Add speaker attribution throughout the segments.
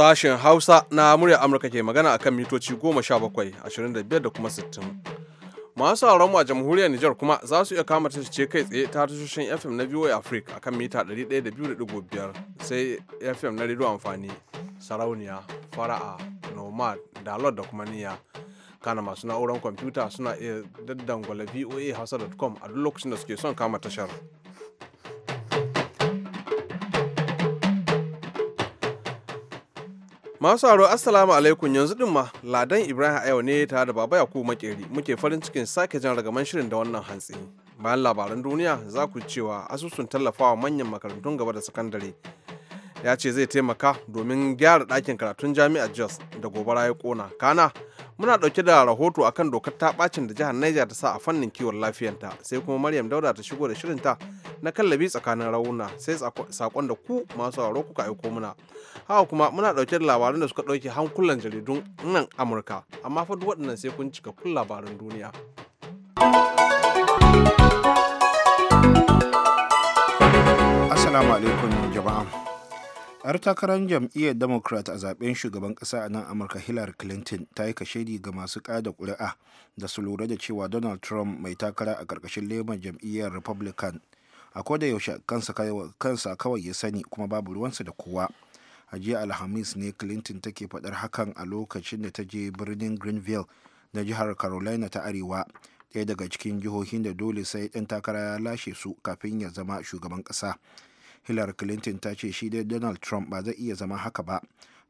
Speaker 1: Sashen Hausa na murya Amurka ke magana akan mitoci 17, 25 da kuma 60. Masu sauranmu a jamhuriyar Nijar kuma za su iya kama ce kai tsaye ta tashoshin FM na VOA Africa akan mita 102.5 sai FM na rediyo amfani sarauniya, fara'a, nomad, dalot da kuma niyya. kana masu na'urar kwamfuta suna iya daddangwala voa hausa.com a duk lokacin da suke son kama tashar. Masu aro assalamu alaikum yanzu din ma ladan Ibrahim Ayo ne tare da baba Yakubu Makeri muke farin cikin sake jan ragaman shirin da wannan hantsi. Bayan labaran duniya za ku cewa asusun tallafawa manyan makarantun gaba da sakandare ya ce zai taimaka domin gyara ɗakin karatun jami'ar Jos da gobara ya kona. Kana muna ɗauke da rahoto akan dokar ta bacin da jihar Niger ta sa a fannin kiwon lafiyanta sai kuma Maryam Dauda ta shigo da shirin ta. na kallabi tsakanin rauna sai sakon da ku masu sauraro kuka aiko muna haka kuma muna dauke da labaran da suka dauke hankulan jaridun nan amurka amma fa duk waɗannan sai kun cika kun labaran duniya assalamu alaikum jama'a
Speaker 2: yar takarar jam'iyyar democrat a zaben shugaban kasa a nan amurka hillary clinton ta yi kashedi ga masu kada kuri'a da su lura da cewa donald trump mai takara a karkashin leman jam'iyyar republican a koda yaushe kansa kawai ya sani kuma babu ruwansa da kowa a jiya alhamis ne clinton take faɗar hakan a lokacin da ta je birnin greenville na jihar carolina ta arewa ɗaya daga cikin jihohin da dole sai ɗan takara ya lashe su kafin ya zama shugaban ƙasa hillary clinton ta ce shi dai donald trump ba zai iya zama haka ba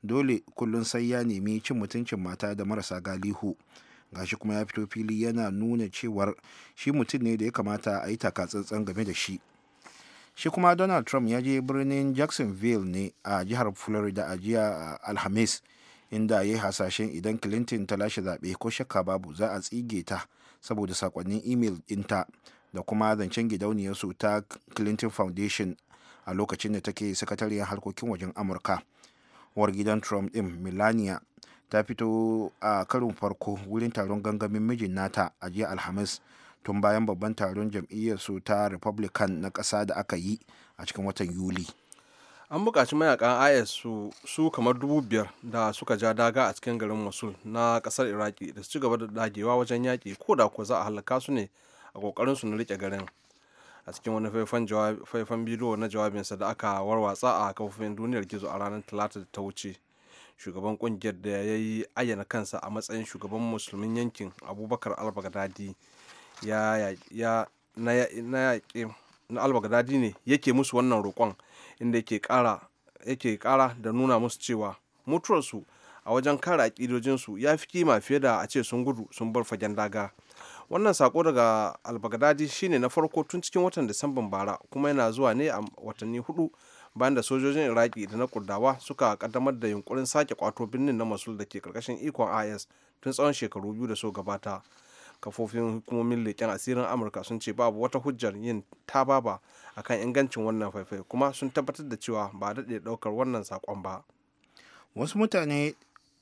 Speaker 2: dole kullum sai ya nemi cin mutuncin mata da marasa galihu gashi kuma ya fito fili yana nuna cewar shi mutum ne da ya kamata a yi takatsantsan game da shi shi kuma donald trump ya je birnin jacksonville ne a jihar florida a jiya alhamis inda ya yi hasashen idan clinton ta lashe zaɓe ko shakka babu za a tsige ta saboda sakonnin imel ɗinta da kuma zancen gidauniyarsu ta clinton foundation a lokacin da take sakatariyar harkokin wajen amurka war gidan trump ɗin melania ta fito a karin farko wurin taron gangamin mijin nata a jiya alhamis tun bayan babban taron su ta republican na ƙasa da aka yi a cikin watan yuli
Speaker 1: an buƙaci mayakan is su, su kamar dubu biyar da suka ja daga a cikin garin mosul na ƙasar iraki da su ci gaba da dagewa wajen yaƙi ko da kuwa za a halaka su ne a ƙoƙarin su na riƙe garin a cikin wani faifan bidiyo na jawabinsa da aka warwatsa a kafofin duniyar gizo a ranar talata da ta wuce shugaban ƙungiyar da ya yi ayyana kansa a matsayin shugaban musulmin yankin abubakar al na ya na ne yake musu wannan roƙon inda yake ƙara da nuna musu cewa mutuwarsu a wajen kare aƙidojinsu ya fi kima fiye da a ce sun gudu sun bar fagen daga wannan sako daga albagadadi shine na farko tun cikin watan disamban bara kuma yana zuwa ne a watanni hudu bayan da sojojin iraki da na kurdawa suka kaddamar da yunkurin sake kwato birnin na masul da ke karkashin ikon is tun tsawon shekaru biyu da so gabata kafofin hukumomin leƙen asirin amurka sun ce babu wata hujjar yin tababa akan ingancin wannan faifai kuma sun tabbatar da cewa ba a daɗe ɗaukar wannan saƙon ba wasu mutane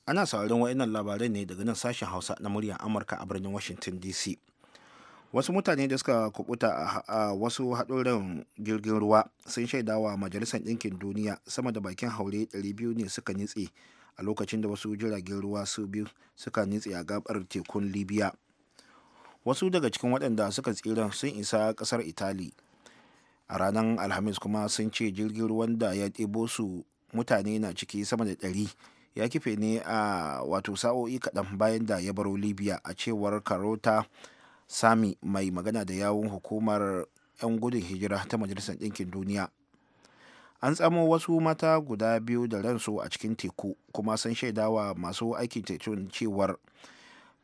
Speaker 1: ana sauraron wa'annan labarai
Speaker 2: ne daga nan sashen hausa na muryar amurka a birnin washington dc wasu mutane da suka kubuta a wasu haɗurin jirgin ruwa sun shaidawa majalisar ɗinkin duniya sama da bakin haure 200 ne suka nitse a lokacin da wasu jiragen ruwa su biyu suka nitse a gabar tekun libya wasu daga cikin waɗanda suka tsira sun isa ƙasar itali a ranar alhamis kuma sun ce jirgin ruwan da ya ɗebo su mutane na ciki sama da ɗari ya kife ne a wato sa'o'i kaɗan bayan da ya baro libya a cewar karota sami mai magana da yawun hukumar 'yan gudun hijira ta majalisar ɗinkin duniya an tsamo wasu mata guda biyu da ransu a cikin teku kuma sun shaidawa masu aikin tekun cewar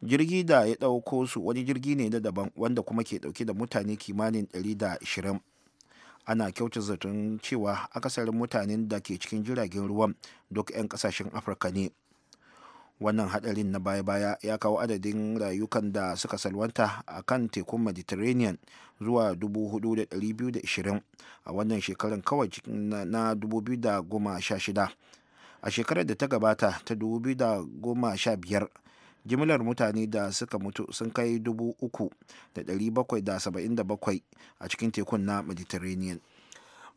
Speaker 2: jirgi da ya ɗauko su wani jirgi ne na daban wanda kuma ke ɗauke da mutane kimanin 120 ana kyauta zaton cewa akasarin mutanen da ke cikin jiragen ruwan duk 'yan kasashen afirka ne wannan hadarin na baya-baya ya kawo adadin rayukan da suka salwanta a kan tekun mediterranean zuwa 4,220 a wannan shekarun kawai na 2016 a shekarar da ta gabata ta 2015 jimilar mutane da suka mutu sun kai 3,777 a cikin tekun na mediterranean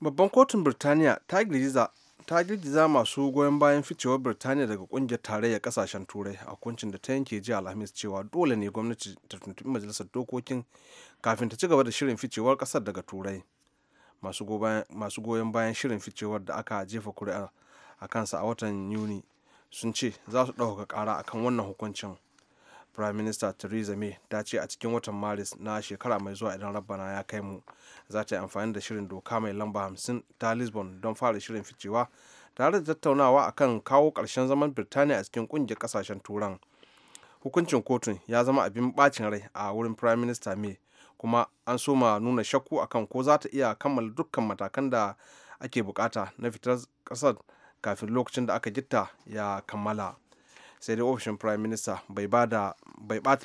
Speaker 1: babban kotun birtaniya ta girgiza masu goyon bayan ficewar birtaniya daga kungiyar tarayyar kasashen turai a kuncin da ta yanke ji alhamis cewa dole ne gwamnati ta tuntubi majalisar dokokin kafin ta ci gaba da shirin ficewar kasar daga turai masu goyon bayan shirin ficewar da aka jefa kuri'ar a kansa a watan yuni sun ce za su ɗauka ƙara akan wannan hukuncin prime minister theresa may ta ce a cikin watan maris na shekara mai zuwa idan rabbana ya kai mu za ta yi amfani da shirin doka mai lamba hamsin ta lisbon don fara shirin ficewa tare da tattaunawa akan kawo ƙarshen zaman birtaniya a cikin ƙungiyar ƙasashen turan hukuncin kotun ya zama abin bacin rai a wurin prime minister may kuma an so ma nuna shakku akan ko za ta iya kammala dukkan matakan da ake bukata na fitar ƙasar kafin lokacin da aka gitta ya kammala sai dai ofishin prime minister bai bata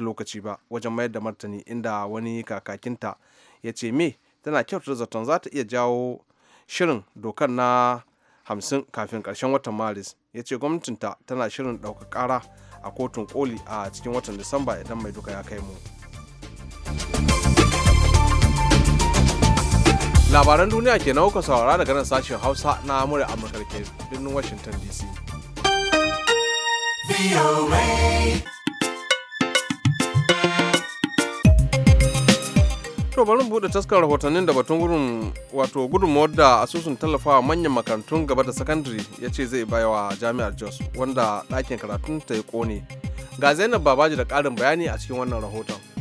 Speaker 1: lokaci ba wajen mayar da martani inda wani kakakinta ya ce me tana kyautar zaton za ta iya jawo shirin dokar na hamsin kafin karshen watan maris ya ce gwamnatinta tana shirin ɗaukar ƙara a kotun koli a cikin watan disamba idan mai duka ya kai mu. labaran duniya ke nauka saurara daga nan sashen hausa na murya amurka da ke birnin washington dc to bari buɗe taskar rahotannin da batun gudun wato gudunmawar da asusun tallafawa manyan makarantun gaba da sakandare ya ce zai bayawa jami'ar jos wanda ɗakin karatun ta ya kone ga zainab babaji da ƙarin bayani a cikin wannan rahoton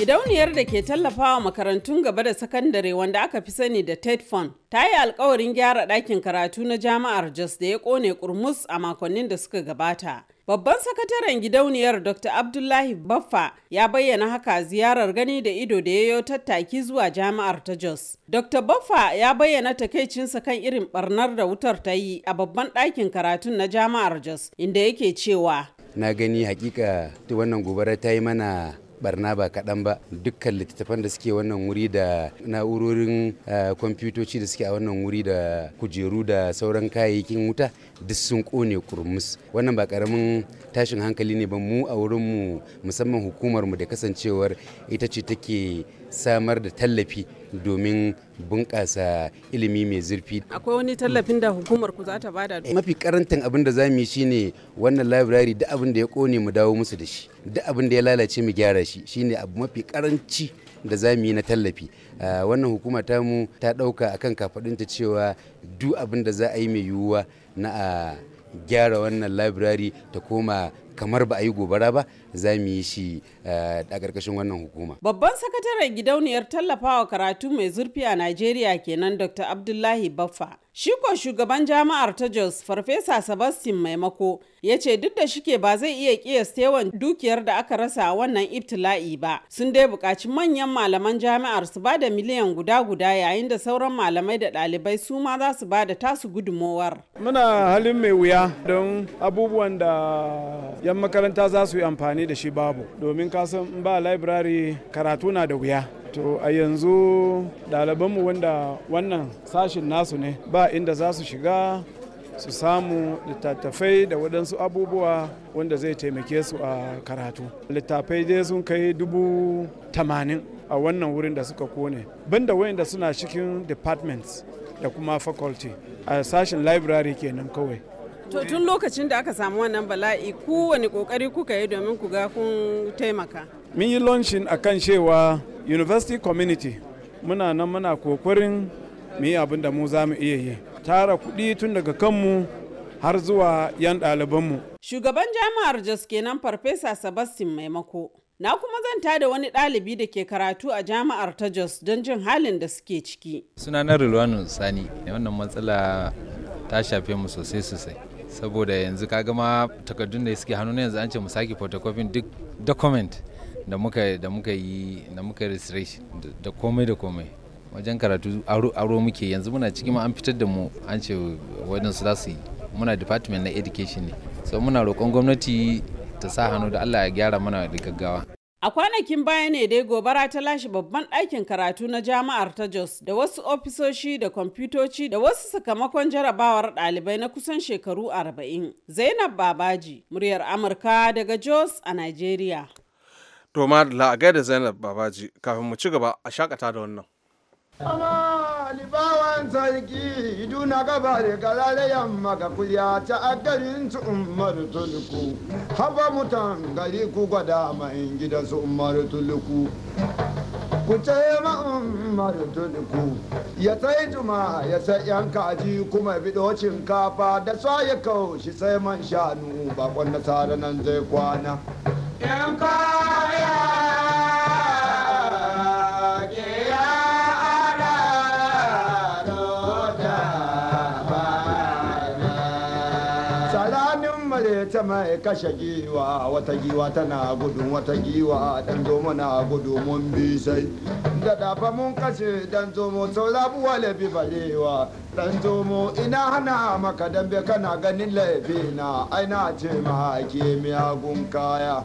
Speaker 3: Gidauniyar da ke tallafawa makarantun gaba da sakandare wanda aka fi sani da TED Fund ta yi alkawarin gyara ɗakin karatu na jama'ar Jos da ya kone kurmus a makonnin da suka gabata. Babban sakataren gidauniyar Dr. Abdullahi Baffa ya bayyana haka ziyarar gani da ido da yayo tattaki zuwa jama'ar ta Jos. Dr. Baffa ya bayyana takaicinsa kan irin barnar da wutar ta yi a babban ɗakin karatun na jama'ar Jos inda yake cewa
Speaker 4: na gani
Speaker 2: hakika wannan gobara ta yi mana barna ba kaɗan ba dukkan littattafan da suke wannan wuri da na'urorin eh, kwamfutoci da suke a wannan wuri da kujeru da sauran kayayyakin wuta duk sun kone kurmus wannan ba karamin tashin hankali ne ba mu a wurinmu musamman hukumarmu da kasancewar ita ce take samar da tallafi domin bunƙasa ilimi mai zurfi.
Speaker 3: Akwai wani tallafin da hukumar ku za ta bada? Eh,
Speaker 2: mafi karantan abin da za mu yi shine wannan labirari da abin da ya kone mu dawo musu da shi, da abin da ya lalace mu gyara shi, shine abu mafi karanci da za mu yi na tallafi. Ah, wannan hukuma ta mu ta ɗauka akan kafaɗinta cewa duk abin da za a yi mai yiwuwa na a ah, gyara wannan labirari ta koma kamar ba a yi gobara ba za mu yi shi eh, a ƙarƙashin wannan hukuma.
Speaker 3: Babban sakataren gidauniyar tallafawa karatu mai zurfi a Najeriya kenan Dr. Abdullahi Baffa. Shi ko shugaban jami'ar ta Jos Farfesa Sebastian Maimako ya ce duk da shike ba zai iya kiyasta yawan dukiyar da aka rasa a wannan ibtila'i ba. Sun dai buƙaci manyan malaman jami'ar su ba da miliyan guda guda yayin da sauran malamai da ɗalibai su ma za su ba da tasu gudunmowar
Speaker 4: Muna halin mai wuya don abubuwan da yan makaranta za su yi amfani da shi babu. Domin kasan ba library karatu na da wuya. to a yanzu ɗalibanmu wanda wannan sashin nasu ne ba inda za su shiga su samu littattafai da waɗansu abubuwa wanda zai taimake su a karatu littattafai dai sun kai dubu tamanin a wannan wurin da suka kone banda wayanda suna cikin departments da kuma faculty a sashen library kenan kawai
Speaker 3: to tun lokacin da aka samu wannan bala'i kowane kokari kuka yi domin ku ga kun taimaka
Speaker 4: mun yi launching a kan cewa university community muna nan muna kokarin mu yi abin da mu za mu iya yi tara kuɗi tun daga kanmu har zuwa 'yan ɗalibanmu.
Speaker 3: Shugaban jami'ar Jos kenan Farfesa sabastin Maimako. Na kuma zanta da wani ɗalibi da ke karatu a jami'ar ta Jos don jin halin da suke ciki.
Speaker 1: suna na Rilwanu Sani, wannan matsala ta shafe mu sosai sosai. Saboda yanzu kaga ma takardun da suke hannu yanzu an ce mu sake photocopying duk document da muka da muka yi da muka research da komai da komai wajen karatu aro muke yanzu muna cikin an fitar da mu an ce waɗansu su su yi muna department na education ne so muna roƙon gwamnati ta sa
Speaker 2: hannu da Allah ya gyara mana da gaggawa
Speaker 3: A kwanakin baya ne dai gobara ta lashe babban ɗakin karatu na jama'ar ta Jos da wasu ofisoshi da kwamfutoci da wasu sakamakon jarabawar ɗalibai na kusan shekaru 40. Zainab Babaji, muryar Amurka daga Jos a Najeriya.
Speaker 1: To ma da gaida Zainab Babaji kafin mu ci gaba a shakata da wannan.
Speaker 3: Ama libawan sarki iduna gaba da
Speaker 4: galare yamma ga kuya ta agarin su umar tuluku Haba mutan gari ku gwada ma'in gida su umar tuluku Ku ce ma umar tuluku ya sai juma ya sai yan kaji kuma bido shinkafa da sa ya kaushi sai man shanu bakon nasara nan zai kwana. mai kashe giwa wata giwa tana gudun wata giwa dan zomo na gudu mun bi sai da dafa mun kashe dan zomo sau rabuwa laifi barewa dan zomo ina hana maka dambe kana ganin laifi na aina ce ma ke miyagun kaya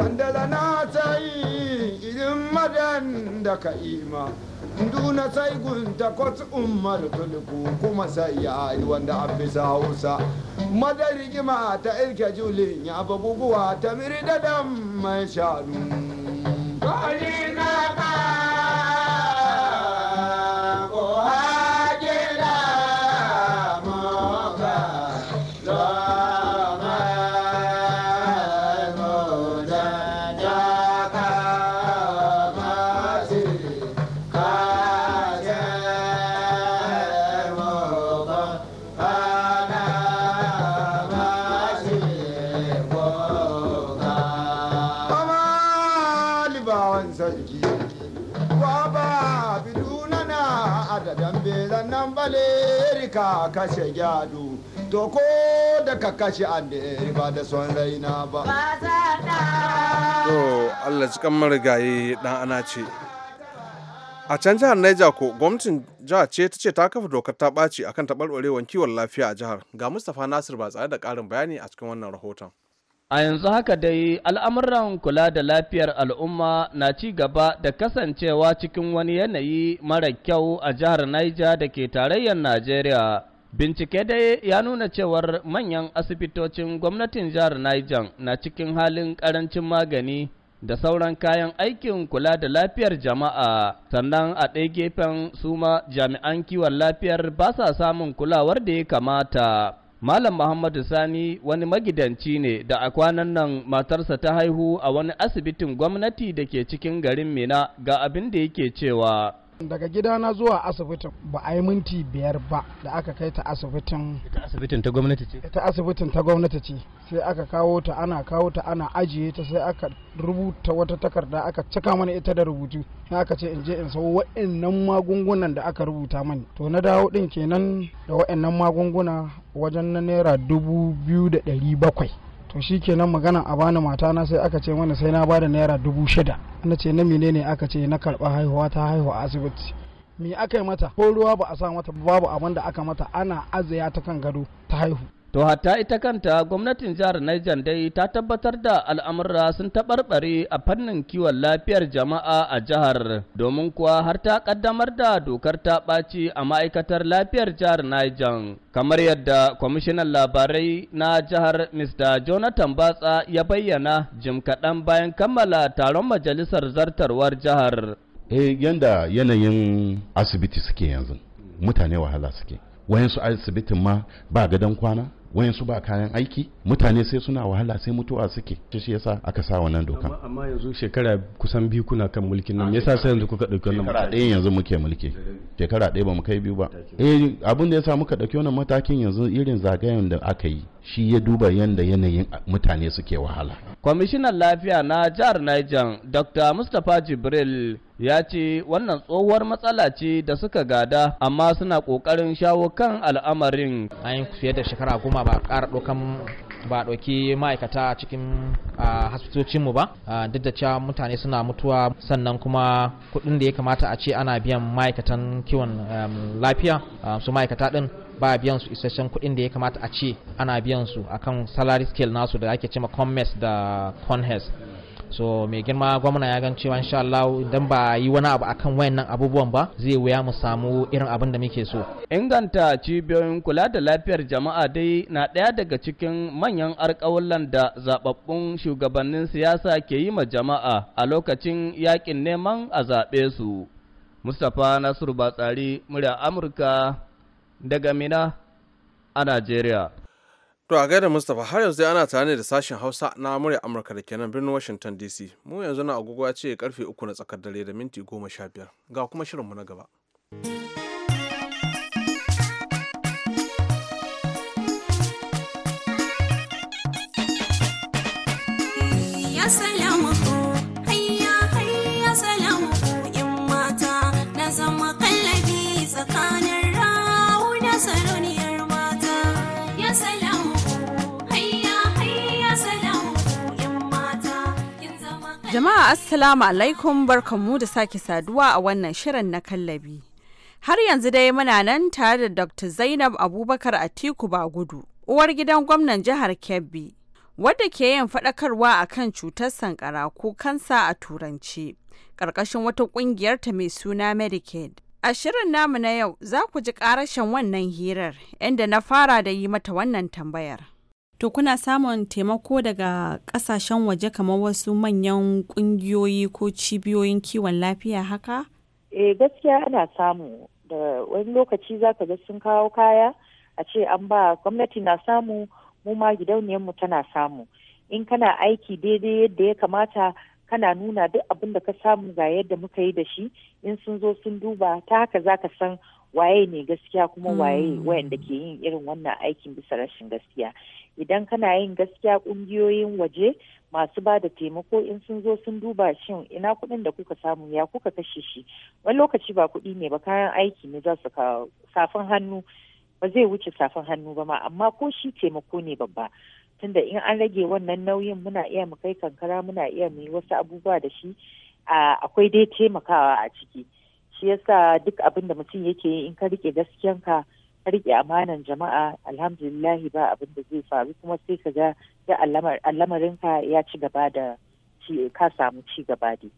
Speaker 4: wandala na yi idin madan da ka ima duna sai gunta kwat Umar tulku kuma sai ya yi wanda an fi hausa madar rigima ta irke julin ya buguwa ta dadan mai shanu. Kali kwaba biduna na dambe dambe nan baleri ka kashe gyadu to ko da ka kashe an da ba da son raina ba
Speaker 1: to allah kan marigayi dan ana ce a can jihar Niger ko gwamnatin jihar ce ta ce ta kafa dokar ta ɓaci akan taɓarɓarewar kiwon lafiya a jihar ga mustapha nasir ba tsare da ƙarin bayani a cikin wannan rahoton
Speaker 5: A yanzu haka dai al'amuran kula da lafiyar al'umma na ci gaba da kasancewa cikin wani yanayi mara kyau a jihar Niger da ke tarayyar Najeriya. Bincike dai ya nuna cewar manyan asibitocin gwamnatin jihar Niger na cikin halin ƙarancin magani da sauran kayan aikin kula da lafiyar jama'a, sannan a ɗaya gefen suma jami'an kiwon lafiyar ba sa samun kulawar da ya kamata. Malam Muhammadu Sani wani magidanci ne da a kwanan nan matarsa ta haihu a wani asibitin gwamnati da ke cikin garin Mina ga abin da yake cewa.
Speaker 2: daga gidana zuwa asibitin ba a yi minti biyar ba da aka kai ta asibitin
Speaker 5: ta gwamnati ce ita
Speaker 2: asibitin ta gwamnati ce sai aka kawo ta ana kawo ta ana ajiye ta sai aka rubuta wata takarda aka cika mana ita da rubutu na aka ce in je in sau wa'annan magungunan da aka rubuta mani to na dawo din kenan da wa'annan magunguna wajen na naira dubu biyu da ɗari bakwai to shi kenan maganan a bani matana sai aka ce mana sai na bada naira dubu shida na ce na mine ne aka ce na karba haihuwa ta haihuwa asibiti me aka yi mata ko ruwa ba a sa mata babu abin da aka mata ana azaya ta kan gado ta haihu
Speaker 5: To hatta ita kanta gwamnatin jihar Niger dai ta tabbatar da al'amura sun taɓarɓare a fannin kiwon lafiyar jama'a a jihar domin kuwa har ta ƙaddamar da dokar ta ɓaci a ma'aikatar lafiyar jihar Niger. Kamar yadda kwamishinan labarai na jihar Mr. Jonathan Batsa ya bayyana jim kaɗan bayan kammala taron majalisar zartarwar jihar.
Speaker 4: Eh yanda yanayin asibiti suke yanzu mutane wahala suke. wayansu asibitin ma ba gadon kwana wayansu ba kayan aiki mutane sai suna wahala sai mutuwa suke shi yasa aka sa wannan doka amma yanzu shekara kusan biyu kuna kan
Speaker 5: mulkin nan yasa sai yanzu
Speaker 4: kuka dauki wannan shekara ɗaya yanzu muke mulki shekara ɗaya ba mu kai biyu ba eh abin da yasa muka dauki wannan matakin yanzu irin zagayen da aka yi shi ya duba yadda yanayin mutane suke wahala.
Speaker 5: Kwamishinan lafiya na jihar Niger, Dr. Mustapha Jibril ya ce wannan tsohuwar matsala ce da suka gada amma suna
Speaker 1: kokarin shawo kan al'amarin. An yi fiye da shekara goma ba ƙara ɗaukan ba ɗauki ma'aikata a cikin asibitocinmu ba duk da cewa mutane suna mutuwa sannan kuma kuɗin da ya kamata a ce ana biyan ma'aikatan kiwon lafiya su ma'aikata ɗin ba biyan su isasshen kuɗin da ya kamata a ce ana biyan su akan salary scale nasu da ake cema commerce da conhes so mai girma gwamna ya gan cewa insha Allah idan ba yi wani abu akan wayannan abubuwan ba zai wuya mu samu irin abin da muke so
Speaker 5: inganta cibiyoyin kula da lafiyar jama'a dai na ɗaya daga cikin manyan alƙawallan da zababbun shugabannin siyasa ke yi ma jama'a a lokacin yakin neman a zaɓe su Mustapha Nasiru Batsari murya Amurka daga Mina
Speaker 1: a Najeriya. To a gaida Mustapha har yanzu ana tare da sashen Hausa na murya Amurka da kenan birnin Washington DC. Mu yanzu na agogo ya ce karfe uku na tsakar dare da minti goma sha biyar. Ga kuma shirin mu na gaba.
Speaker 6: assalamu alaikum barkanmu da sake saduwa a wannan shirin na kallabi. Har yanzu dai muna nan tare da Dr. Zainab Abubakar Atiku Bagudu, uwar gidan gwamnan jihar Kebbi, wadda ke yin faɗakarwa a kan cutar sankara ko kansa a turanci, ƙarƙashin wata ƙungiyarta mai suna Medicaid. A shirin namu na yau za ku ji ƙarashen wannan hirar, inda na fara da yi mata wannan tambayar. To kuna samun taimako daga kasashen waje kamar wasu manyan kungiyoyi ko cibiyoyin kiwon lafiya haka?
Speaker 7: Eh gaskiya ana samu da wani lokaci za ka ga sun kawo kaya a ce an ba gwamnati na samu mu ma gidauniyar mu tana samu. In kana aiki daidai yadda ya kamata kana nuna duk abin da ka samu ga yadda muka yi da shi in sun zo sun duba ta haka za ka san waye ne gaskiya kuma waye hmm. wayanda ke yin irin wannan aikin bisa rashin gaskiya idan kana yin gaskiya kungiyoyin waje masu ba da taimako in sun zo sun duba shin ina kuɗin da kuka samu ya kuka kashe shi wani lokaci ba kuɗi ne ba kayan aiki ne za su kawo safin hannu ba zai wuce safin hannu ba ma amma ko shi taimako ne babba tunda in an rage wannan nauyin muna iya mu kai kankara muna iya mu yi wasu abubuwa da shi akwai dai taimakawa a ciki shi yasa duk abin da mutum yake yi in ka rike gaskiyanka ka rike amanan jama'a alhamdulillahi ba abin da zai faru kuma sai ka ga da al'amarinka ya ci gaba da ka samu ci gaba dai.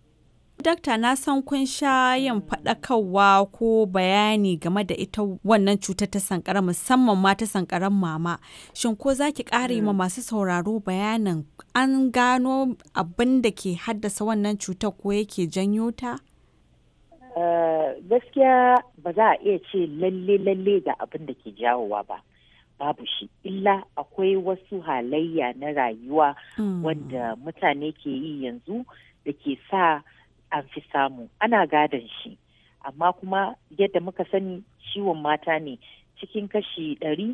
Speaker 6: Dakta na san kun sha yin faɗakarwa ko bayani game da ita wannan cutar ta sankara musamman ma ta sankaran mama. Shin ko za ki ƙare ma mm. masu sauraro bayanin an gano abin da ke haddasa wannan cutar ko yake janyo ta?
Speaker 7: Eh, gaskiya ba za a iya ce lalle lalle ga abin da ke jawowa ba babu shi illa akwai wasu halayya na rayuwa hmm. wanda mutane ke yi yanzu da ke sa an fi samu ana gadon shi amma kuma yadda muka sani ciwon mata ne cikin kashi ɗari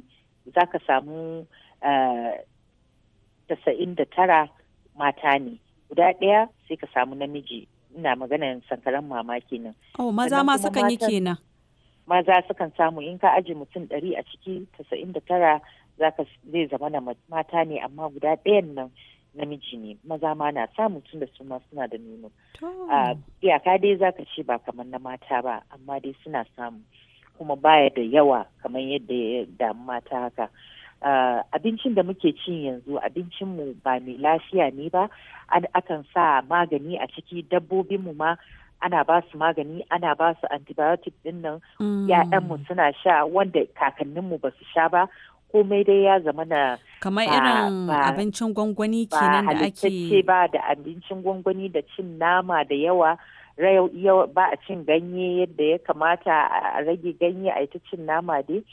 Speaker 7: za ka samu eh, tasa'in da tara mata ne guda ɗaya sai ka samu namiji ina maganar sankaran mamaki nan. Oh, maza ma sukan yi kenan. Maza sukan samu in ka aji mutum ɗari a ciki tasa'in da tara zaka zai zama na mata ne amma guda ɗayan nan namiji ne maza ma na samu tun da su ma suna da nono. Iyaka dai zaka ce ba kamar na mata ba amma dai suna samu kuma baya da yawa kamar yadda ya damu mata haka. Eh, abincin da muke cin yanzu abincinmu ba mai lafiya ne ba akan sa magani a ciki dabbobinmu ma ana ba su magani ana ba su antibiotic din nan
Speaker 5: mm. ‘ya'yanmu
Speaker 7: suna sha wanda kakanninmu ba su sha ba komai dai ya zama na kamar irin abincin gwangwani kenan da ake ba da abincin gwangwani da cin nama da yawa ba a cin ganye yadda ya kamata a rage ganye a ita cin nama dai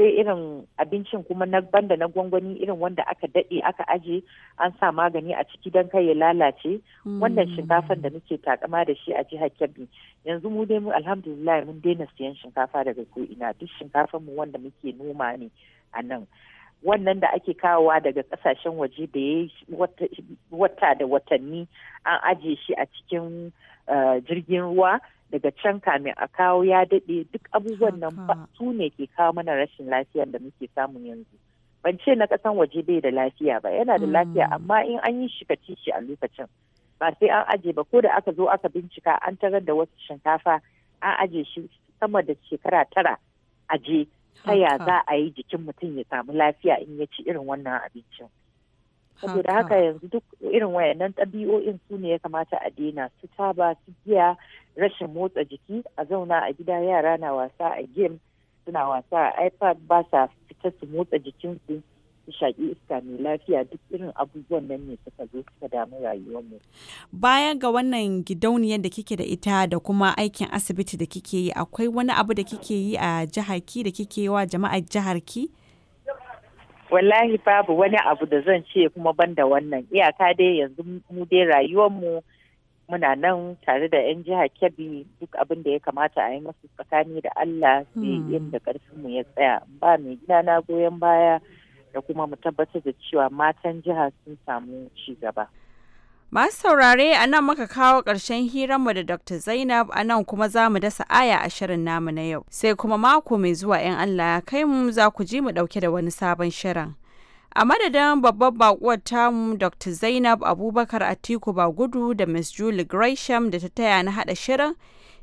Speaker 7: sai irin abincin kuma na banda na gwangwani irin wanda aka daɗe aka aje an sa magani a ciki don kai ya lalace wannan hmm. shinkafan da muke takama da shi a jihar kebbi yanzu mu dai mu alhamdulillah mun daina siyan shinkafa daga ko ina duk shinkafan mu wanda muke noma ne a nan wannan da ake kawowa daga kasashen waje da ya wata da watanni an ajiye shi a cikin eh, jirgin ruwa daga can kamin a kawo ya daɗe duk abubuwan nan ba su ne ke kawo mana rashin lafiya da muke samu yanzu ban ce na kasan waje bai da lafiya ba yana da lafiya mm. amma in an yi shi kaci shi a lokacin ba sai an aje ba ko da aka zo aka bincika an tarar da wasu shinkafa an aje shi sama da shekara tara aje
Speaker 8: ta ya za a
Speaker 7: yi jikin mutum ya samu lafiya in ya ci irin wannan abincin saboda haka yanzu duk irin wayannan ɗabi'o'in su ne ya kamata a daina su taba su giya rashin motsa jiki a zauna a gida yara na wasa a game suna wasa a ipad ba sa fita su motsa jikinsu su shaƙi iska mai lafiya duk irin abubuwan nan ne suka zo suka damu mu.
Speaker 6: Bayan ga wannan gidauniyar da kike da ita da kuma aikin asibiti da kike yi akwai wani abu da kike yi a jihar ki da kike yi wa jama'ar jihar ki?
Speaker 7: wallahi babu wani abu da zan ce kuma banda wannan iyaka dai yanzu mu dai mu muna nan tare da 'yan jiha kebbi duk abin da ya kamata a yi masu tsakani da allah sai hmm. yadda karfinmu ya tsaya ba mai gina na goyon baya da kuma mu tabbatar da cewa matan jiha sun samu ci gaba.
Speaker 6: Masu saurare a nan muka kawo ƙarshen hiranmu da Dr. Zainab a nan kuma za mu dasa aya a shirin namu na yau. Sai kuma mako mai zuwa 'yan Allah ya kai mu za ku ji mu ɗauke da wani sabon shirin. A madadin babbar bakuwar tamu Dr. Zainab Abubakar Atiku Bagudu da Ms Julie Gresham da ta taya na haɗa shirin,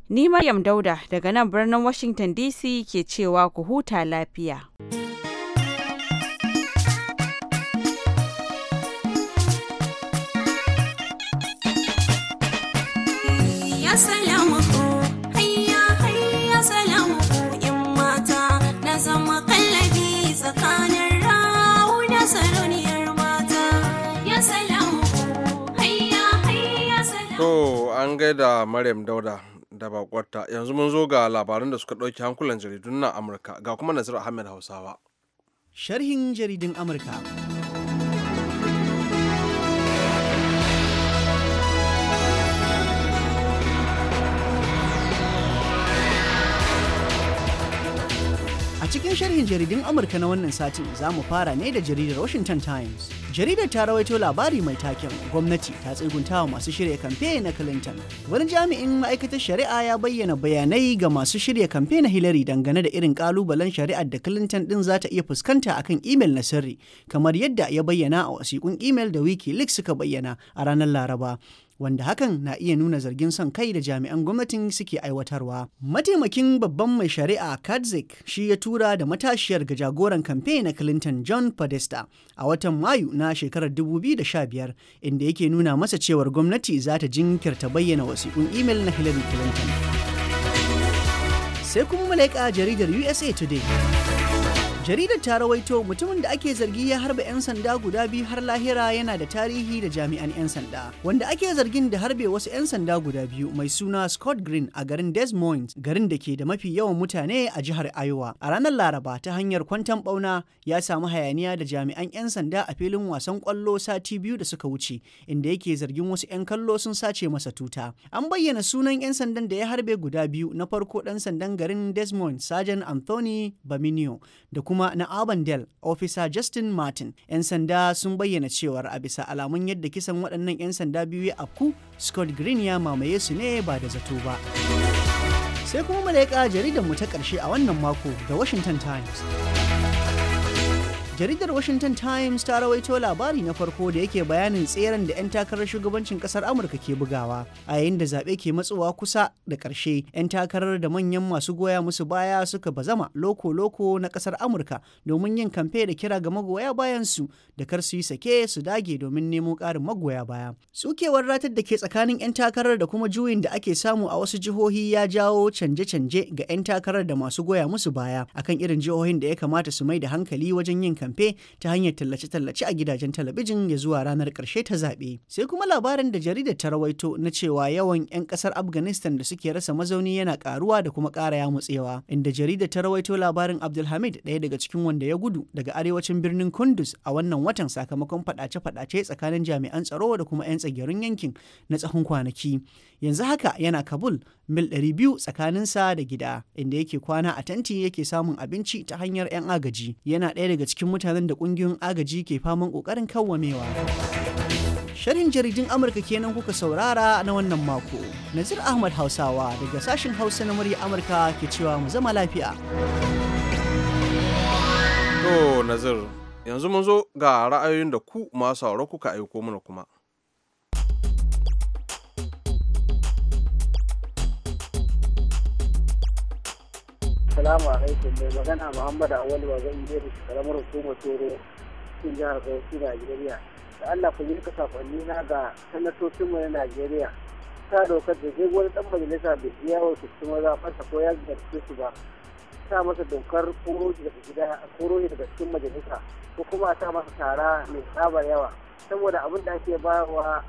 Speaker 6: ni Maryam Dauda daga nan birnin Washington DC ke cewa ku huta lafiya.
Speaker 1: To an gaida Maryam Dauda da bakwarta yanzu mun zo ga labarin da suka ɗauki hankulan jaridun na Amurka ga kuma Nazir Ahmed Hausawa.
Speaker 8: Sharhin jaridun Amurka. A cikin sharhin jaridun Amurka na wannan satin za mu fara ne da jaridar Washington Times. Jaridar ta rawaito labari mai taken gwamnati ta wa masu shirya kamfe na Clinton. Wani jami'in ma'aikatar shari'a ya bayyana bayanai ga masu shirya kamfe na Hillary dangane da irin kalubalen shari'ar da Clinton din za ta iya fuskanta akan imel na sirri, kamar yadda ya bayyana a wasiƙun imel da WikiLeaks suka bayyana a ranar Laraba. wanda hakan na iya nuna zargin son kai da jami'an gwamnatin suke aiwatarwa. Mataimakin babban mai shari'a Kadzik shi ya tura da matashiyar ga jagoran kamfe na Clinton John Podesta a watan Mayu na shekarar 2015 inda yake nuna masa cewar gwamnati za ta jinkirta bayyana wasiƙun imel na Hillary Clinton. Sai kuma malaika jaridar USA Today. jaridar ta rawaito mutumin da ake zargi ya harba 'yan sanda guda biyu har lahira yana da tarihi da jami'an 'yan sanda wanda ake zargin da harbe wasu 'yan sanda guda biyu mai suna scott green a garin des moines garin da ke da mafi yawan mutane a jihar iowa a ranar laraba ta hanyar kwantan bauna ya samu hayaniya da jami'an 'yan sanda a filin wasan kwallo sati biyu da suka wuce inda yake zargin wasu 'yan kallo sun sace masa tuta an bayyana sunan 'yan sandan da ya harbe guda biyu na farko dan sandan garin des moines sergeant anthony baminio da kuma kuma na Avondale, Ofisa Justin Martin, 'yan sanda sun bayyana cewar a bisa alamun yadda kisan waɗannan 'yan sanda biyu ya afku, Scott Green ya mamaye su ne ba da zato ba. Sai kuma malaika jaridar mu ta ƙarshe a wannan mako da Washington Times. jaridar washington times ta rawaito labari na farko da yake bayanin tseren da 'yan takarar shugabancin kasar amurka ke bugawa a yayin da zaɓe ke matsowa kusa da ƙarshe 'yan takarar da manyan masu goya musu baya suka bazama loko-loko na kasar amurka domin yin kamfe da kira ga magoya bayan su da kar su yi sake su dage domin nemo ƙarin magoya baya tsukewar ratar da ke tsakanin 'yan takarar da kuma juyin da ake samu a wasu jihohi ya jawo canje-canje ga 'yan takarar da masu goya musu baya akan irin jihohin da ya kamata su mai da hankali wajen yin kamfe kamfe ta hanyar tallace-tallace a gidajen talabijin ya zuwa ranar ƙarshe ta zaɓe. Sai kuma labarin da jaridar ta rawaito na cewa yawan 'yan ƙasar Afghanistan da suke rasa mazauni yana ƙaruwa da kuma ƙara mutsewa, Inda jaridar ta rawaito labarin Abdulhamid ɗaya daga cikin wanda ya gudu daga arewacin birnin Kundus a wannan watan sakamakon faɗace-faɗace tsakanin jami'an tsaro da kuma 'yan tsagerun yankin na tsahon kwanaki. Yanzu haka yana Kabul mil 200 sa da gida inda yake kwana a tanti yake samun abinci ta hanyar 'yan agaji. Yana ɗaya daga cikin mutanen da kungiyoyin agaji ke faman ƙoƙarin kawwamewa. Sharhin jaridun Amurka kenan kuka saurara na wannan mako. Nazir Ahmad Hausawa daga sashen Hausa na murya Amurka ke cewa mu zama lafiya.
Speaker 1: To Nazir, yanzu mun zo ga ra'ayoyin da ku masu sauro kuka aiko mana kuma.
Speaker 4: Assalamu alaikum mai
Speaker 1: magana
Speaker 3: Muhammad Awal ba zan yi da karamar hukumar Toro cikin jihar Bauchi Najeriya. Da Allah ku yi ka sakonni na ga sanatocin mu na Najeriya. Ta dokar da zai wani dan majalisa da iya wa su kuma zaɓarsa ko ya zarce su ba. sa masa dokar koro daga daga cikin majalisa ko kuma a masa tara mai tsabar yawa saboda abin da ake bayarwa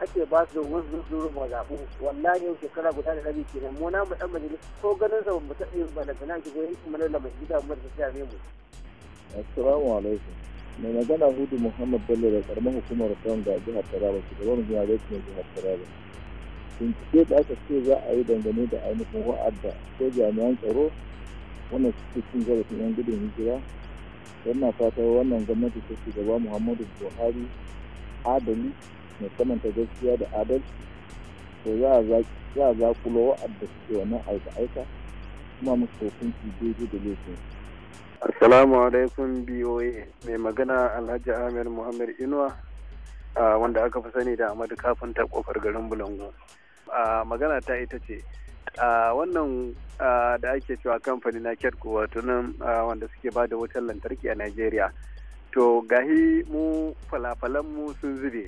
Speaker 3: ake ba su domin su zuru zaɓu wallahi yau shekara guda da rabi kenan mu na mu dan majalis ko ganin sa mu taɓa yin bala gana ki goyi kuma na mai gida mu da ta mu
Speaker 2: assalamu alaikum mai magana hudu muhammad bello da karamar hukumar son ga jihar taraba shugaban jihar rikin jihar taraba bincike da aka ce za a yi dangane da ainihin wa'adda ko jami'an tsaro wannan suke cin zarafin yan gudun hijira yana fata wannan gwamnati ta shugaba muhammadu buhari adali mai ta gaskiya da adalci to za
Speaker 4: a zakulo wa'adda suke wannan aika-aika kuma musu su jeji da laifin Assalamu alaikum BOA mai magana Alhaji Amir Muhammad Inuwa
Speaker 1: wanda aka fi sani da Amadu kafin ta kofar garin Bulango. magana ta ita ce wannan da ake cewa kamfani na Kyatko wato nan wanda suke ba da wutar lantarki a nigeria To gahi mu falafalan mu sun zube.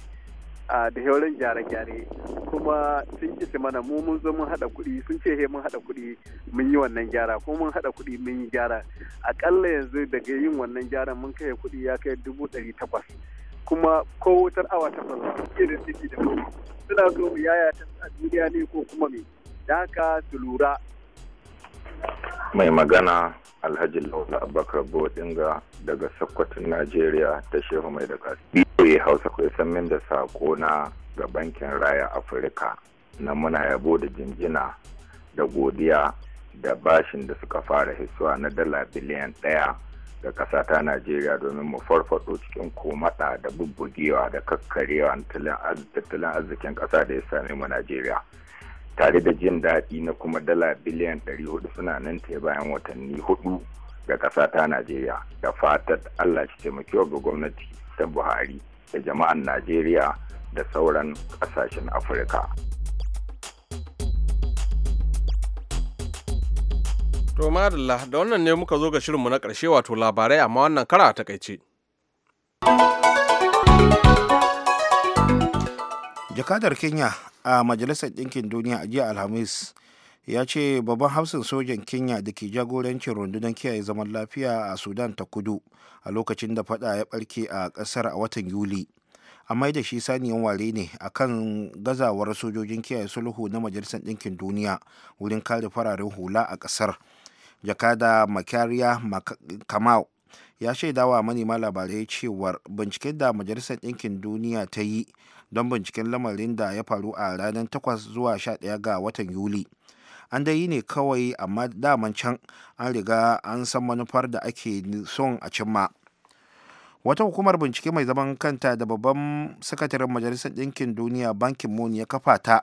Speaker 1: da hauren gyare-gyare kuma sun kici mana mu mun zo mun haɗa kuɗi sun ce he mun haɗa kuɗi mun yi wannan gyara ko mun haɗa kuɗi mun yi gyara akalla yanzu daga yin wannan gyara mun kai kuɗi ya kai dubu ɗari takwas kuma ko wutar awa ta takwas suke da ciki da mu suna zo mu yaya ta a duniya ne ko kuma me da haka su lura
Speaker 4: mai magana alhaji lawal abubakar bodinga daga sokoton najeriya ta shehu mai da kasi oye Hausa ku san min da sako na ga bankin Raya Afirka na muna yabo da jinjina da godiya da bashin da suka fara hisuwa na dala biliyan ɗaya ga ƙasa ta Najeriya domin mu farfaɗo cikin komata da bubbugewa da kakkarewa tattalin arzikin ƙasa da ya same mu Najeriya. Tare da jin daɗi na kuma dala biliyan ɗari hudu suna nan ta bayan watanni hudu ga ƙasa ta Najeriya da fatan Allah shi taimakiwa ga gwamnati da buhari da jama'an najeriya da sauran kasashen afirka
Speaker 1: to madalla da wannan ne muka zo ga shirinmu na ƙarshe wato labarai amma wannan kara a takaice
Speaker 2: jakadar kenya a majalisar ɗinkin duniya a jiya alhamis ya ce babban hafsin sojan kenya da ke jagorancin rundunar kiyaye zaman lafiya a sudan ta kudu a lokacin da fada ya barke a kasar a watan yuli amma da shi saniyan ware ne a kan gazawar sojojin kiyaye sulhu na majalisar ɗinkin duniya wurin kare fararen hula a kasar jakada makariya kamau ya shaidawa manema labarai cewar binciken da majalisar ɗinkin duniya ta yi don binciken lamarin da ya faru a ranar 8 zuwa 11 ga watan yuli an dai yi ne kawai amma daman can an riga an san manufar da ake son a cimma wata hukumar bincike mai zaman kanta da babban sakataren majalisar ɗinkin duniya bankin moon ya kafa ta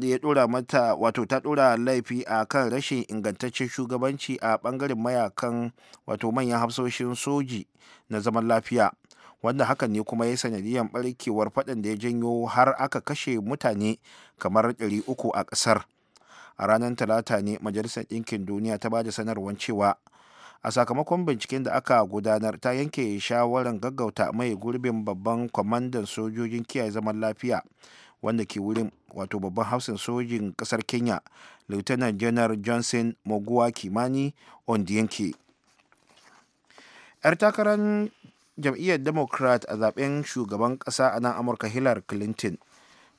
Speaker 2: ya dora mata wato ta dora laifi a kan rashin ingantaccen shugabanci a ɓangaren mayakan wato manyan hafsoshin soji na zaman lafiya wanda hakan ne kuma ya sanadiyar barkewar faɗin da ya janyo har aka kashe mutane kamar 300 a ƙasar a ranar talata ne majalisar ɗinkin duniya ta ba da sanarwar cewa a sakamakon binciken da aka gudanar ta yanke shawarar gaggauta mai gurbin babban kwamandan sojojin kiyaye zaman lafiya wanda ke wurin wato babban hausin sojin kasar kenya lieutenant general johnson moguwa kimani ondiyanke yar takarar jam'iyyar democrat a zaben shugaban kasa a nan amurka hillary clinton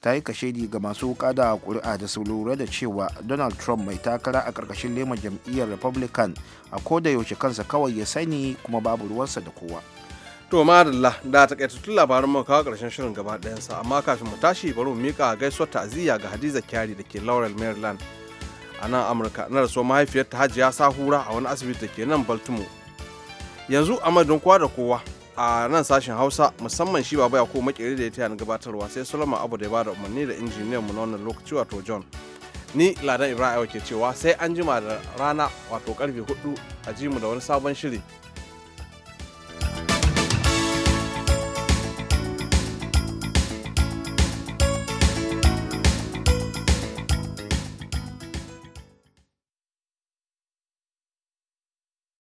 Speaker 2: ta yi kashedi ga masu wuka da kuri'a da su lura da cewa donald trump mai takara a ƙarƙashin lema jam'iyyar republican a koda yaushe kansa kawai ya sani kuma
Speaker 1: babu ruwansa da kowa to madalla da ta tun labaran mu kawo ƙarshen shirin gaba ɗayansa amma kafin mu tashi bari mu mika gaisuwar ta'aziyya ga hadiza kyari da ke laurel maryland a nan amurka na rasuwar mahaifiyarta hajiya sahura a wani asibiti da ke nan baltimore yanzu a madadin kowa da kowa a nan sashen hausa musamman shi baba ko makere da ya taya gabatarwa sai solomon abu da ya bada umarni da injiniyan mu na wannan lokaci wato john ni ladan ibrahim ke cewa sai an jima da rana wato karfe hudu a ji mu da wani sabon shiri